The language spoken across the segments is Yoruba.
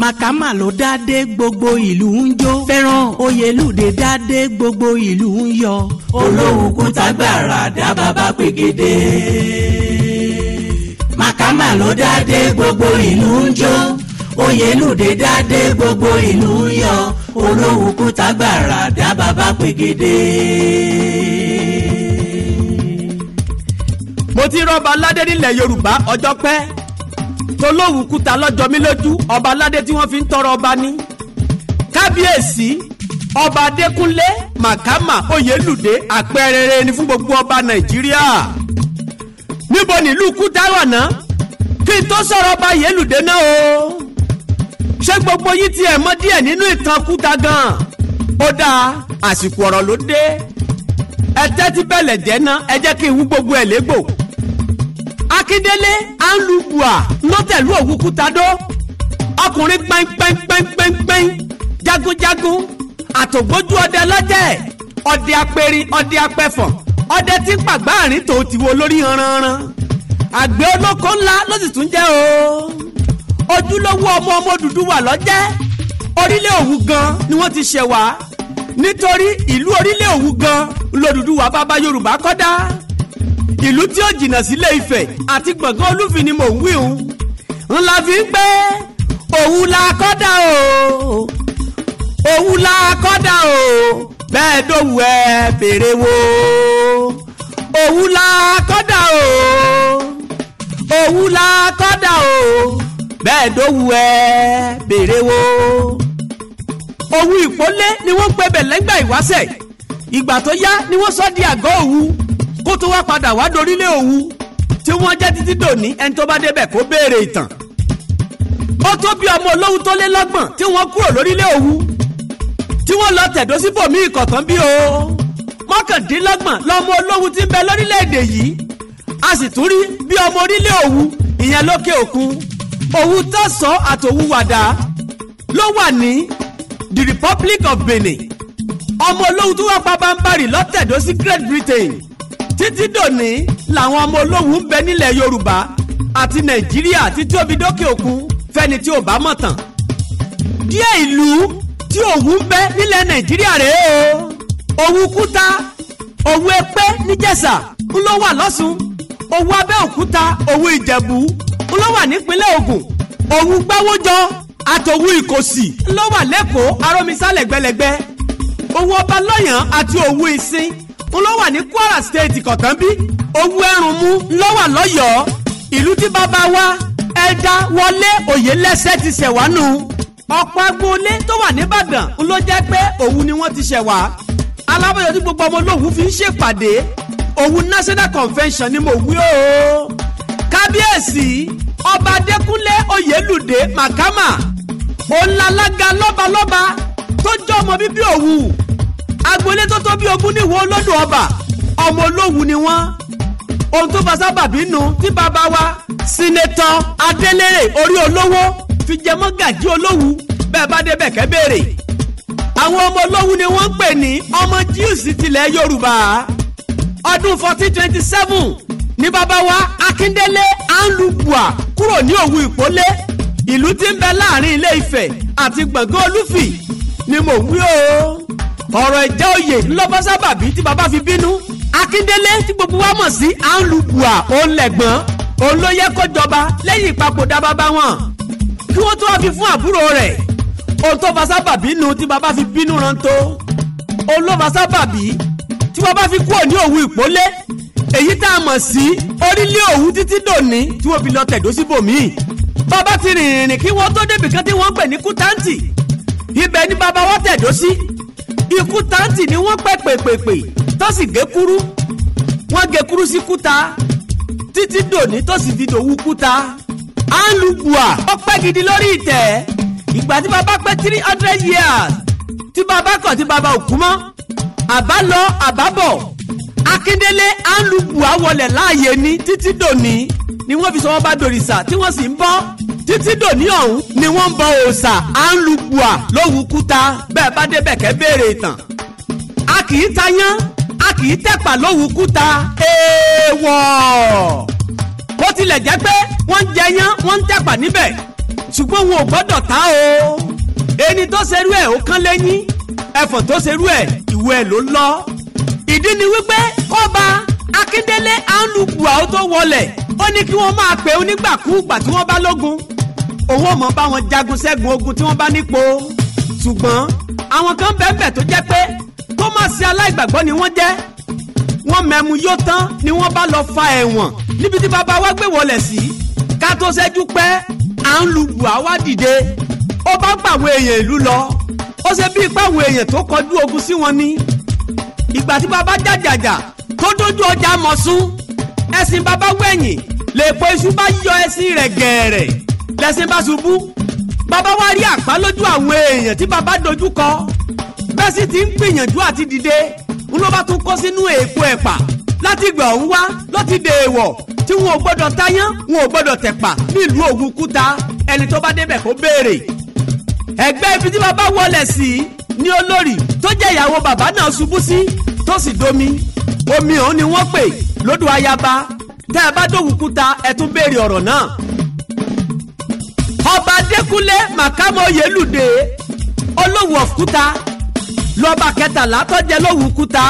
màkàmà lo dádé gbogbo ìlú ń jó fẹ́ràn oyèlúde dádé gbogbo ìlú ń yọ. olówó kúta gbàrà dá bàbá pègede. màkàmà ló dádé gbogbo ìlú ń jó oyèlúde dádé gbogbo ìlú ń yọ. olówó kúta gbàrà dá bàbá mo ti rọ́ba ládé nílẹ̀ yorùbá ọjọ́ pẹ́ tolóhùn kúta lọ́jọ́ mi lójú ọba aládé tí wọ́n fi ń tọrọ ọba ní. kábíyèsí ọba adékúnlé màkàmà oyèlúdé àpẹẹrẹ ni fún gbogbo ọba nàìjíríà. níbo nílùú kúta wà ná kí n tó sọ̀rọ̀ ọba yèlúdé náà o. ṣé gbogbo yìí tiẹ̀ mọ̀ díẹ̀ nínú ìtàn kúta gan-an. ó dáa àsìkò ọ̀rọ̀ ló dé. ẹ tẹ́tí bẹ̀lẹ̀ jẹ́ ná ẹ jẹ́ kí n wú gbogbo ẹ̀ légbò akíndélé anlubua lọ́tẹ̀lú òwúkútadó ọkùnrin pẹ́ńpẹ́ńpẹ́ńpẹ́ń jagunjagun àtògbójú ọdẹ lọ́jẹ̀ ọdẹ apẹ̀rin ọdẹ apẹ̀fọ̀n ọdẹ tí ń pàgbá àárín tó ti wo lórí hanranhan àgbẹ̀ olóko ńlá ló sì tún jẹ́ o ojúlówó ọmọ ọmọ Odùduwà lọ́jẹ́ orílẹ̀ Òwu gan ni wọ́n ti ṣẹ̀ wá nítorí ìlú orílẹ̀ Òwu gan lÓdùduwà bàbá Yorùbá kọ́ ìlú tí ó jìnnà sílé Ifẹ̀ àti gbọ̀ngàn olúfin ni mò ń wí òun ńlá fi ń pé òun la kọ́dà o òun la kọ́dà o bẹ́ẹ̀ dòwú ẹ bèrè wo òun la kọ́dà o òun la kọ́dà o bẹ́ẹ̀ dòwú ẹ bèrè wo òun ìpọ́nlé ni wọ́n ń pè bẹ̀ lẹ́gbàá ìwáṣẹ̀ ìgbà tó yá ni wọ́n sọ di àgọ́ òun kó tó wá padà wá dorílé òwú tí wọ́n jẹ́ títí dòní ẹni tó bá débẹ̀ kó béèrè ìtàn ó tó bí ọmọ olówó tó lé lọ́gbọ̀n tí wọ́n kúrò lórílé òwú tí wọ́n lọ tẹ̀dó síbò mí ìkọ̀tán bí o mọ́kàndínlọ́gbọ̀n lọ́mọ olówó ti ń bẹ lórílẹ̀‐èdè yìí a sì tún rí bí ọmọ orílẹ̀ òwú ìyẹn lókè òkun òwú tẹ̀sán àtòwú wàdà ló wà ní the Republic of Benin ọmọ olówó tó wà pabambarì lọ́tẹ̀dó sí Great Britain títí dòní làwọn ọmọ olówu ń bẹ nílẹ̀ yorùbá àti nàìjíríà títí ó fi dókè òkun fẹ́ni tí ò bá mọ̀ tán díẹ̀ ìlú tí òwú ń bẹ nílẹ̀ nàìjíríà rèé o òwú kúta òwú epé níjẹ̀ṣà ń ló wà lọ́sùn òwú abẹ́òkúta òwú ìjẹ̀bú ń ló wà nípínlẹ̀ ògùn òwú gbáwójọ àtòwú ìkòsì ń ló wà lẹ́kọ̀ọ́ arómisálẹ̀ gbẹlẹgbẹ ọba lọ́yàn àti òwú ìsín ń lọ́wà ní Kwara State kọ̀tánbí owó ẹrùn mú ńlọ́wà lọ́yọ̀ọ́ ìlú tí bàbá wa ẹ̀dá wọlé òyelẹ́sẹ̀ ti ṣẹ̀wánú ọ̀pọ̀ agboolé tó wà nìbàdàn ń ló jẹ́ pé òun ni wọ́n ti ṣẹ̀wá alábọ̀yọ̀ tí gbogbo ọmọ olóhùn fi ń ṣèpàdé òun national convention ni mo wí o kábíyèsí ọba adékúnlé oyèlúdé màkàmà òun lalága lọ́balọ́ba tó jẹ́ ọmọ bíbí òwú agboolé tó tó bí ogún níwò olódò ọba ọmọ olówù ni wọ́n ohun tó fa sábàbí nu tí bàbá wa sinetọ adélèrè orí olówó fi jẹmọ́ gàjí olówù bẹ́ẹ̀ bá débẹ̀ kẹ́ béèrè àwọn ọmọ olówù ni wọ́n ń pè ní ọmọ jíùsì tilẹ̀ yorùbá ọdún fourteen twenty seven ní bàbá wa akíndélé anlubua kúrò ní òwú ìpólé ìlú tí ń bẹ láàrin ilé ifẹ̀ àti gbọ̀ngàn olúfì ni mò ń wí o ọ̀rọ̀ ìjà oyè ńlọ́bọ́ sábàbí tí bàbá fi bínú akíndélé tí gbogbo wa mọ̀ sí anlubua òǹlẹ̀gbọ́n òun ló yẹ kó jọba lẹ́yìn ìpapòdà bàbá wọn kí wọ́n tó wá fi fún àbúrò rẹ̀ òun tó fa sábàbí nu tí bàbá fi bínú rántó òun ló fa sábàbí tí bàbá fi kúrò ní òwú ìpólé èyí tá a mọ̀ sí orílẹ̀ òwú títí dòní tí wọ́n fi lọ tẹ̀dó síbòmíì bàbá ti rìnrìn kí wọ́n tó débi kan tí wọ́n pè ní kútáǹtì ibẹ̀ ni bàbá wa tẹ̀dó sí ikú táǹtì ni wọ́n pẹ́ pèpèpè tó sì gé kúrú wọ́n gé kúrú sí kúta títí dòní tó sì fi dòwú kúta alùpùà ó pẹ́ gidi lórí ìtẹ́ ìgbà tí bàbá pé three hundred years tí bàbá kọ̀ tí bàbá ò kú mọ́ àbá lọ àbá bọ̀ akíndélé alùpùà wọlé láàyè ní títí dòní ni wọ́n fi sọ wọ́n bá dòrìṣà tí wọ́n sì ń bọ́ títí dòní ọ̀hún ni wọ́n ń bọ òòṣà anlùbùà lówù kúta bẹ́ẹ̀ bá débẹ̀ kẹ́ béèrè ìtàn. a kì í tayán a kì í tẹ̀pà lówù kúta èèwọ̀. bó tilẹ̀ jẹ́ pé wọ́n ń jẹyán wọ́n ń tẹ̀pà níbẹ̀ ṣùgbọ́n wọn ò gbọ́dọ̀ ta o. ẹni tó ṣerú ẹ̀ ó kán lẹ́yìn ẹ̀fọ̀n tó ṣerú ẹ̀ ìwé ẹ̀ ló lọ. ìdí ni wípé kọ́ba Akíndélé anlùbùà ó tó wọlẹ̀ ó ní kí wọ́n máa pè onígbàkúùgbà tí wọ́n bá lógun owó mọ̀ bá wọn jagun ṣẹ́gun ogun tí wọ́n bá nípò ṣùgbọ́n àwọn kan bẹ́ẹ̀bẹ́ẹ̀ tó jẹ́ pé kó má sí aláìgbàgbọ́ ni wọ́n jẹ́ wọ́n mẹ́mu yó tán ni wọ́n bá lọ fa ẹ̀wọ̀n níbi tí bàbá wa gbé wọlé sí ká tó ṣẹ́jú pẹ́ à ń lu bùà wá dìde ó bá gbàwọ̀ èèyàn ìlú lọ ó ṣe bíi pàwọ̀ èèyàn tó kọjú ogun sí wọn ni ìgbà tí bàbá jàjàjà tó dójú ọjà mọ̀sún ẹ̀sìn bàbá wẹ̀yìn lè po iṣu bá yọ ẹ̀sìn rẹ̀ gẹ̀ẹ̀rẹ̀ lẹ́sìn bá ṣubú bàbá wa rí àpá lójú àwọn èèyàn tí bàbá dojú kọ bẹ́ẹ̀ sì ti ń gbìyànjú àti dìde ń ló bá tún kó sínú èèpo ẹ̀pà láti ìgbà ọ̀hún wá ló ti dèèwọ̀ tí wọn ò gbọ́dọ̀ táyán wọn ò gbọ́dọ̀ tẹ̀pà nílùú Ògúnkúta ẹni tó bá débẹ̀ kó béèrè ẹgbẹ́ ibi tí bàbá wọlé sí ní olórí tó jẹ́ ìyàwó bàbá náà ṣubú sí tó sì domi omi ọ̀hún ni wọ́n pè lódò ayaba tẹ́ ẹ bá dòwúkúta ẹ tún béèrè ọ̀rọ̀ náà adékúnlé màkàmọ́ yelùdé olówù ọ̀kúta lọ́ba kẹtàlá tọ́jẹ́ lówù kúta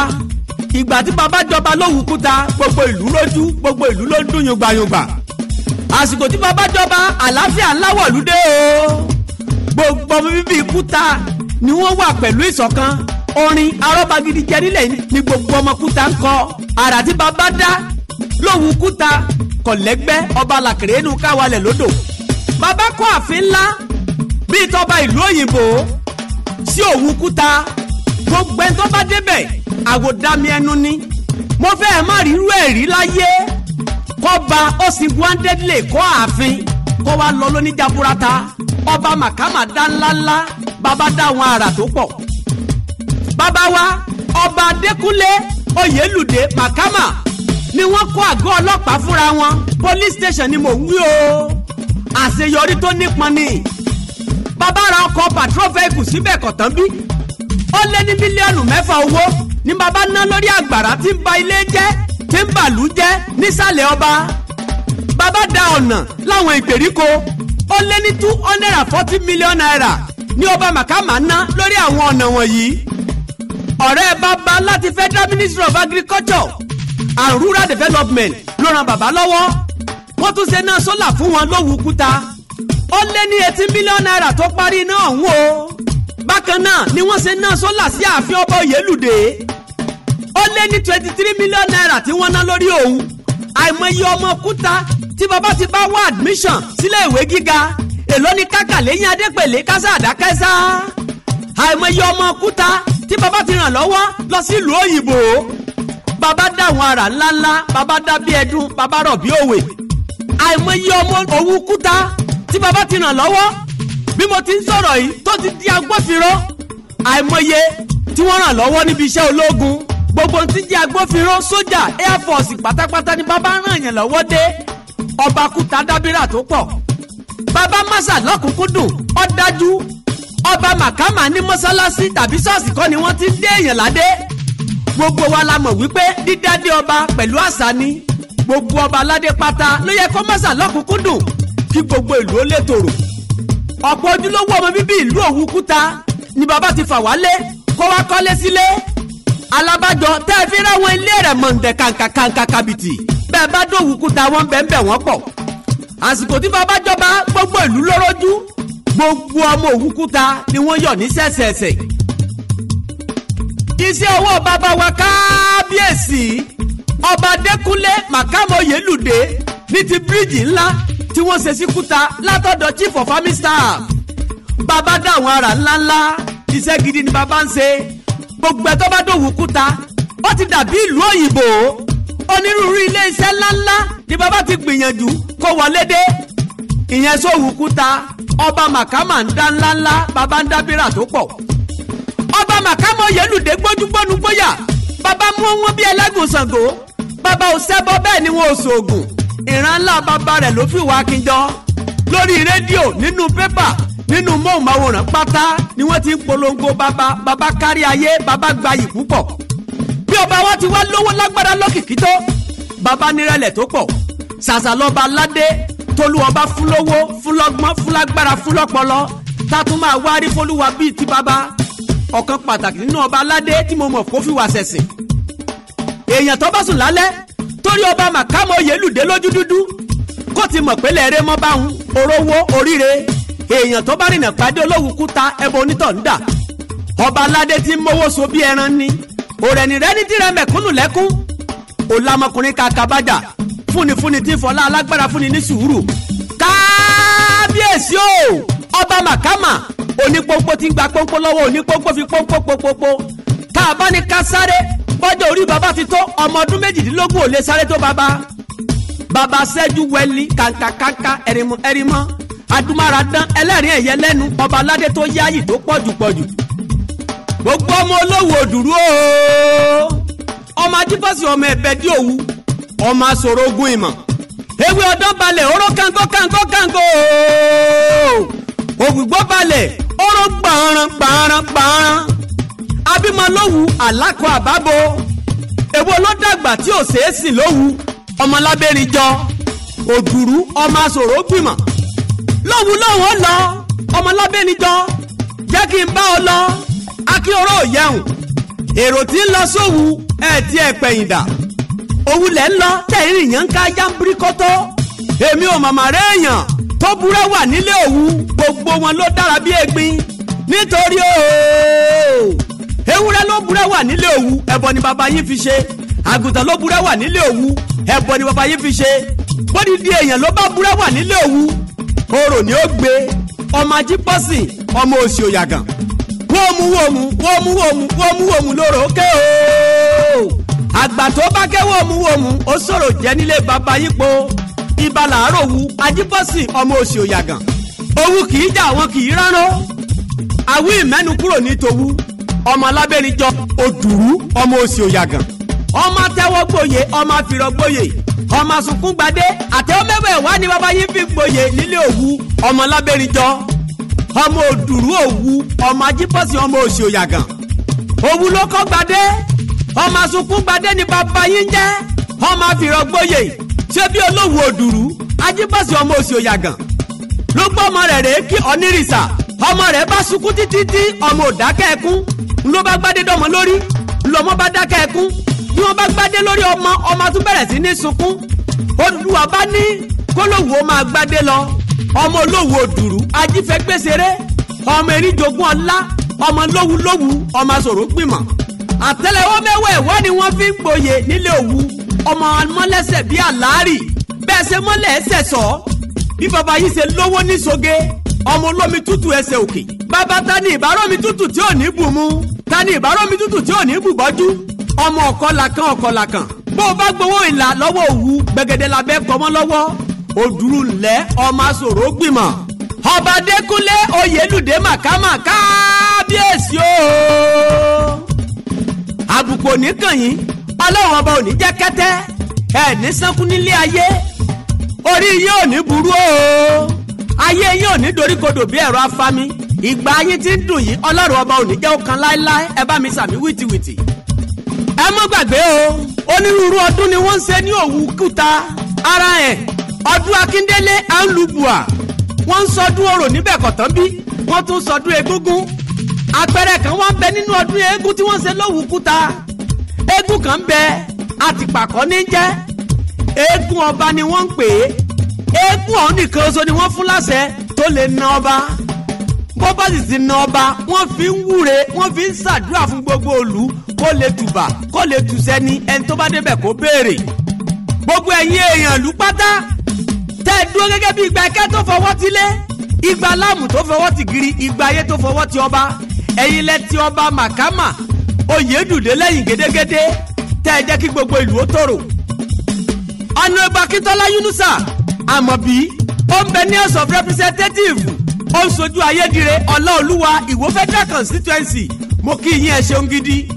ìgbà tí bàbá jọba lówù kúta gbogbo ìlú lójú gbogbo ìlú ló dùn yùngbàyùngbà àsìkò tí bàbá jọba àlàáfíà ńláwọ̀ lúdé o gbogbo ọmọ bíbí kúta ni wọ́n wà pẹ̀lú ìṣọ̀kan orin arọ́bagidi jẹ nílẹ̀ ni gbogbo ọmọ kúta ń kọ àrà tí bàbá dá lówù kúta kọ̀lẹ́gbẹ́ ọba làkèrè bàbá kọ́ àfin ńlá bíi tọba ìlú òyìnbó sí òwú kúta gbogbo ẹni tó bá débẹ̀ àwòdàmí ẹnu ni mo fẹ́ má rírú ẹ̀ rí láyé kọ́ba ó sì wáńdẹ́d lè kọ́ ààfin kó wa lọ lóníjàbúrata ọba màkàmà dá ńláńlá bàbá dá àwọn àrà tó pọ̀ bàbá wa ọba adékúnlé oyèlúdé màkàmà ni wọ́n kọ́ àgọ́ ọlọ́pàá fúnra wọn police station ni mò ń wí o àṣeyọrí tó nípọn ni bàbá ra ọkọ̀ patrol vehicle síbẹ̀ kọ̀tán bí ó lé ní mílíọ̀nù mẹ́fà owó ni bàbá ná lórí àgbàrá tí ń ba ilé jẹ́ tí ń bàlú jẹ́ nísàlẹ̀ ọba bàbá da ọ̀nà láwọn ìgbèríko ó lé ní two hundred and forty million naira ní ọba màkàmá ná lórí àwọn ọ̀nà wọ̀nyí ọ̀rẹ́ bàbá láti federal ministry of agriculture and rural development ló ran bàbá lọ́wọ́ wọ́n tún ṣe náà sólà fún wọn lówùúkúta ó lé ní eighteen mílíọ̀nù náírà tó parí náà ọ̀hún o bákan náà ni wọ́n ṣe náà sólà sí ààfin ọba Oyèlúdé ó lé ní twenty three mílíọ̀nù náírà tí wọ́n ná lórí òun àìmọye ọmọ kúta tí bàbá ti bá wá admission sílé ìwé gíga èló ni kákàléyìn adépèlé kásá àdákẹ́sá àìmọye ọmọ kúta tí bàbá ti ràn lọ́wọ́ lọ sílùú òyìnbó bàbá dá àwọn àrà ńláńlá bàbá dá bí ẹdun bàbá rọ̀ bí òwe àìmọye ọmọ òwú kúta tí baba ti ràn lọ́wọ́ bí mo ti ń sọ̀rọ̀ yìí tó ti di agbófinró àìmọye tí wọ́n ràn lọ́wọ́ níbi iṣẹ́ ológun gbogbo ti di agbófinró sójà air force pátápátá ni baba ràn yàn lọ́wọ́ dé ọba kúta dábìrà tó pọ̀ baba masa lọ́kùnkúndùn ó dájú ọba màkàmà ní mọ́sálásí tàbí ṣọ́ọ̀ṣì kọ́ ni wọ́n ti dé èèyàn ládé gbogbo wa la mọ̀ wípé dídádé ọba pẹ̀lú àṣà ni gbogbo ọba aládé pátá ló yẹ kó mọ́sà lọ́kùnkúndùn kí gbogbo ìlú ó lè tòrò ọ̀pọ̀ ojúlówó ọmọ bíbí ìlú Òwúkúta ni bàbá ti fà wálé kó wá kọ́lé sílé alábàjọ tẹ́ ẹ fi ráwọn ilé rẹ̀ mọ̀ǹdẹ̀ kàǹkàkàǹkà kàbìtì bẹ́ẹ̀ bá dòwúkúta wọn bẹ́ẹ̀ bẹ́ẹ̀ wọ́n pọ̀ àsìkò tí bàbá jọba gbogbo ìlú ló gbogbo ọmọ Òwúkúta ni wọ́n yọ̀ ní sẹ̀sẹ̀sẹ̀ iṣẹ́ ọwọ́ bàbá wa kábíyèsí ọba adékúnlé màkàmọye lùdé ní ti bíríìjì ńlá tí wọ́n ṣe sí kúta látọ̀dọ̀ chief of army staff bàbá dá àwọn ara ńláńlá iṣẹ́ gidi ni bàbá ń ṣe gbogbo ẹ̀ bá dòwú kúta ó ti dàbí ìlú òyìnbó onírúurú ilé ńláńlá ni bàbá ti gbìyànjú kó wọlé dé ìyẹn sóhùn kúta ọba màkàmà ń dá ńláńlá bàbá ń dá bírà tó pọ̀ ọba màkàmà yẹlùdé gbójúgbónú gbóyà bàbá mú wọn bí ẹlẹ́gùn Ṣàngó bàbá ò ṣẹbọ bẹ́ẹ̀ ni wọn ò ṣoògùn ìran ńlá bàbá rẹ̀ ló fi wá kíjọ lórí rédíò nínú pépà nínú móhùnmáwòrán pátá ni wọ́n ti ń polongo bàbá bàbá kárí ayé bàbá gbayì púpọ̀ bí ọba wa ti wá lówó lágbára lókìkí tó bàbá nírẹ̀lẹ̀ tó pọ̀ ṣàṣà lọ́ba aládé tolú ọba fún lówó fún lọ́gbọ́n fún lágbára fún lọ́pọlọ tá a tún máa wárí fọlúwa bíi ti bàbá ọ̀kan pàtàkì nínú ọba aládé tí mo mọ̀ kó fi wà ṣẹ̀sìn èèyàn tó bá sùn lálẹ́ torí ọba màkàmọ́ oyèlúdé lójú dúdú kó ti mọ̀ pé lẹ́ẹ̀rẹ́ mọ́ bá ń orówó oríire èèyàn tó bá rìnà pàdé olówó kúta ẹbọ onítọ̀ ń dà ọba aládé tí ń mówó so bí ẹran ni òrẹ̀ni rẹ ní tìrẹ mẹ̀kúnnù lẹ́kún òlàmọkùnrin kàkà bàjà fúnifúni tí fọlá alágbára fúnni ní sùúrù kábíyèsí o ọba màkàmà onípòpò tí gba pòpò lọ́wọ́ onípòpò fi pòpò pòpò tá a bá ká sáré bọ́jọ́ orí bàbá ti tó ọmọ ọdún méjìdínlógún ò lè sáré tó bàbá bàbá sẹ́jú wẹ̀lì kàńkàkàńkà ẹ̀rìmọ̀ ẹ̀rìmọ̀ adúmáradán ẹlẹ́rìn ẹ̀yẹ lẹ́nu ọba aládé tó yáyì tó pọ̀jù pọ̀jù gbogbo ọmọ olówó òdùrú ooo ọmọ ajíbọ́sì ọmọ ẹ̀bẹ̀ dí òwú ọmọ asòro ogun ìmọ̀ ewé ọdán balẹ̀ oró kánkó kango kango. ooo ògùgbọ́ balẹ̀ oró gbàǹràn gbàǹràn gbàǹràn abímọ lówù àlákọ àbábo èwo ló dàgbà tí ò ṣeé sìn lówù ọmọlábẹ́rin jọ òdùrú ọmọ asòrò gbìmọ̀ lówù lóhùn ó lọ ọmọlábẹ́rin jọ jẹ́ kí n bá ọ lọ akíọ̀rọ̀ ò yẹun èrò tí ń lọ sówù ẹ̀ tí ẹ̀ pẹ̀yìndà òun lẹ̀ ń lọ tẹ̀yìn ìyàn ń ká yámbírí kọ́tọ́ èmi ò màmá rẹ̀ tó burẹ́ wà nílé òwú gbogbo wọn ló dára bí egbin nítorí ooo ewúrẹ́ ló burẹ́ wà nílé òwu ẹbọ ni bàbá yín fi ṣe àgùntàn ló burẹ́ wà nílé òwu ẹbọ ni bàbá yín fi ṣe di èèyàn ló bá burẹ́ wà nílé òwu orò ni ó gbé ọmọ ajípọ́sìn ọmọ òsì òyàgàn wọ́ọ̀mù wọ́ọ̀mù wọ́ọ̀mù wọ́ọ̀mù wọ́ọ̀mù wọ́ọ̀mù lóró ké o àgbà tó bá ké wọ́ọ̀mù wọ́ọ̀mù ó sọ̀rọ̀ jẹ́ nílé bàbá yín po ibà làárọ̀ wu ajípọ́sìn ọmọ òsì òyàgàn òwú kì í jà wọn kì í rárá awí ìmẹ́nu kúrò ní tòwú ọmọ alábẹ́nijọ odùrú ọmọ òsì òyàgàn ọmọ atẹwọgboyè ọmọ afirọgboyè ọmọ sunkúngbadé àtẹwọmẹwẹ wà ní bàbá yín fi gboyè nílé òwú ọmọ alábẹ́nijọ ọmọ òdùrú òwú ọmọ ajíbọ̀sì ọmọ òsì òyàgàn òwú ló kọ́ gbadé ọmọ sunkúngbadé ni bàbá yín jẹ́ ọmọ afirọgboyè ṣé bí olówó òdùrú ajíbọ̀sì ọmọ òsì òyàgàn ló gbọ́ ọmọ rẹ̀ rèé kí onírìṣà ọmọ rẹ̀ bá sunkún títí tí ọmọ òdákẹ́ ló bá gbádé dọ́mọ lórí lọ́mọ bá dákẹ́ ẹkún bí wọ́n bá gbádé lórí ọmọ ọmọ tún bẹ̀rẹ̀ sí ní sunkún olùwà bá ní kólówó máa gbádé lọ ọmọ olówó dùrù ajífẹ́ gbèsèrè ọmọ eríjogún ọlá ọmọ lówulówu ọmọ sòrò gbìmọ̀ àtẹ́lẹwọ́ mẹ́wẹ̀ẹ̀wọ́ ni wọ́n fi ń gboyè nílé òwu ọmọ mọ́lẹ́sẹ̀ bíi àlárì bẹ́ẹ̀ ṣe mọ́lẹ̀ ẹsẹ̀ sọ bí baba yìí ṣe lówó ní soge ọmọ olómi tútù ẹsẹ̀ òkè bàbá ta ni ìbárò mi tútù tí ò ní bùnmu ta ni ìbáròmí tútù tí ò ní bùgbọ́jú ọmọ ọ̀kọ́làkan ọ̀kọ́làkan bó o bá gbowó ìlà lọ́wọ́ òwú gbẹgẹdẹ labẹ́ pọmọ́ lọ́wọ́ òdùrú ńlẹ́ ọmọ asòro gbìmọ̀ ọba Adékúnlé Oyèlúdé màkàmà kábíyèsí o àbùkù oníkànnì ọlọ́run ọba òní jẹ́ kẹ́tẹ́ ẹ̀ ní sánkú nílé ayé orí yín ò ní burú o ayé yín ò ní doríkodò bí ẹ̀rọ afami ìgbà yín ti ń dùn yìí ọlọ́run ọba òní jẹ́ ọ̀kan láéláé ẹ bá mi sàmí wìtìwìtì. ẹ mọ́ gbàgbé o onírúurú ọdún ni wọ́n ń ṣe ní òwú kúta ara ẹ̀ ọdún akíndélé anlubua wọ́n ń sọdún orò níbẹ̀ kọ̀tán bí wọ́n tún sọdún egúngún àpẹẹrẹ kan wá ń bẹ nínú ọdún eégún tí wọ́n ń ṣe lówú kúta eégún kan bẹ àtìpàkọ́ ní jẹ́ eégún ọba ni wọ́n ń pè é eégún ọ̀hún nìkan ṣoṣo ni wọ́n fún láṣẹ tó lè na ọba bó bá sì ti na ọba wọ́n fi ń wúre wọ́n fi ń ṣàdúrà fún gbogbo ìlú kó lè tùbà kó lè tùsẹ́ni ẹni tó bá débẹ̀ kó béèrè gbogbo ẹ̀yin èèyàn lù pátá tẹ́ ẹ dúró gẹ́gẹ́ bí ìgbà ẹ̀kẹ́ tó fọwọ́ ti lé ìgbà láàmù tó fọwọ́ ti giri ìgbà ayé tó fọwọ́ ti ọba ẹ̀yin lẹ ti ọba màkàmà oyèdùdé lẹ́yìn gédégédé tẹ́ ẹ jẹ́ kí gbogbo ìlú ó tòrò ọ̀nà ìbákítọ́lá yúnúsà àmọ̀bí ó ń bẹ ní house of representatives ó ń sojú ayédire ọláolúwa ìwó federal constituency mo kí yín ẹ ṣeun gidi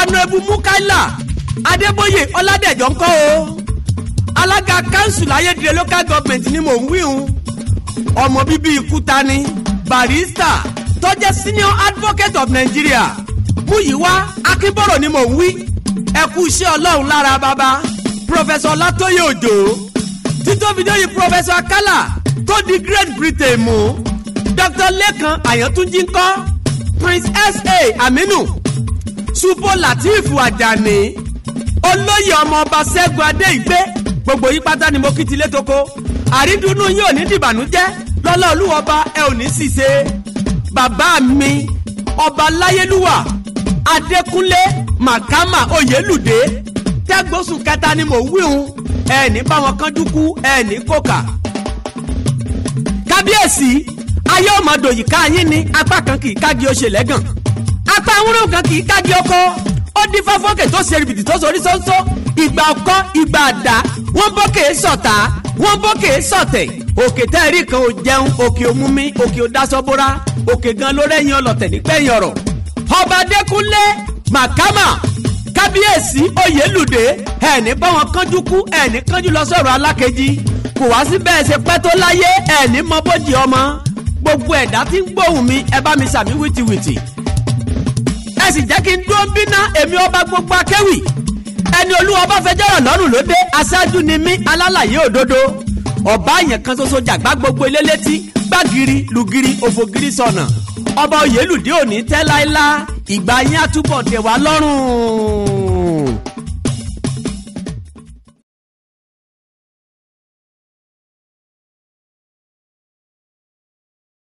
ọ̀nàbù mukaila adébóyè ọládẹ̀jọ́ ńkọ́ o alága kanṣu láyédire local government ni mò ń wíhun ọmọ bíbí ìkúta ni barista tó jẹ́ senior advocate of nigeria múyìwá akínbọ̀rọ̀ ni mò ń wí ẹ kú iṣẹ́ ọlọ́run lára bàbá professor ọlátóyè òjò títóbi dóyè professor akálà tó di great britain mú dr lẹ́kan àyàntúnjí ńkọ́ prince sa aminu supo latif ajani olóyè ọmọọba ṣẹ́gun adéìgbé gbogbo yí pátá ni mo kí ti létoko àrídùnnú yín ò ní dìbànújẹ́ lọ́lá olúwọba ẹ ò ní ṣìṣe bàbá mi ọba láyélúwà adékúnlé màkàmà oyèlúdé tẹ́gbọ́sùn kẹta ni mò ń wíhun ẹ̀ẹ́nì báwọn kánjú kú ẹ̀ẹ́nì kòkà kábíyèsí ayé ò mọ̀ dòyì ká yín ni apá kan kì í ká di oṣè lẹ́gàn apá awúrò kan kì í ká di oko ó dín fọ́fọ́kè tó ṣe rìbìtì tó sorí sóńsó ìgbà ọkọ ìgbà àdá wọ́n bókè sọ̀tà wọ́n bókè sọ̀tẹ̀ òkè tẹ́ẹ̀rí kan ò jẹun òkè ò mú mi òkè ò dasọ́bóra òkè gan ló rẹ́yìn ọlọ́tẹ̀ nígbẹ̀yìn ọ̀rọ̀ ọba adékúnlé màkàmà kábíyèsí oyèlúdé ẹ̀ẹ́nì báwọn kánjú kú ẹ̀ẹ́nì kánjú lọ sọ̀rọ̀ alákejì kò wá sí bẹ́ẹ̀ ṣe pẹ́ tó láyé ẹ̀ẹ́nì mọ bójì ọmọ gbogbo ẹ̀dá tí ń gbóhùn mi ẹ bá mi sàmí wìtìwìtì ẹ sì jẹ́ kí n dúró bí ná èmi ọba gbogbo akéwì ẹni olúwa bá fẹ́ jọ̀rọ̀ lọ́rùn ló dé aṣáájú ni mí alálàyé òdodo ọba àyàn kan ṣoṣo jàgbá gbogbo ilé létí gbàgìrì lùgìrì òfògìrì sọnà ọba òyèlùdí òní tẹ́ láéláá ìgbà yín àtúbọ̀ dè wá lọ́rùn.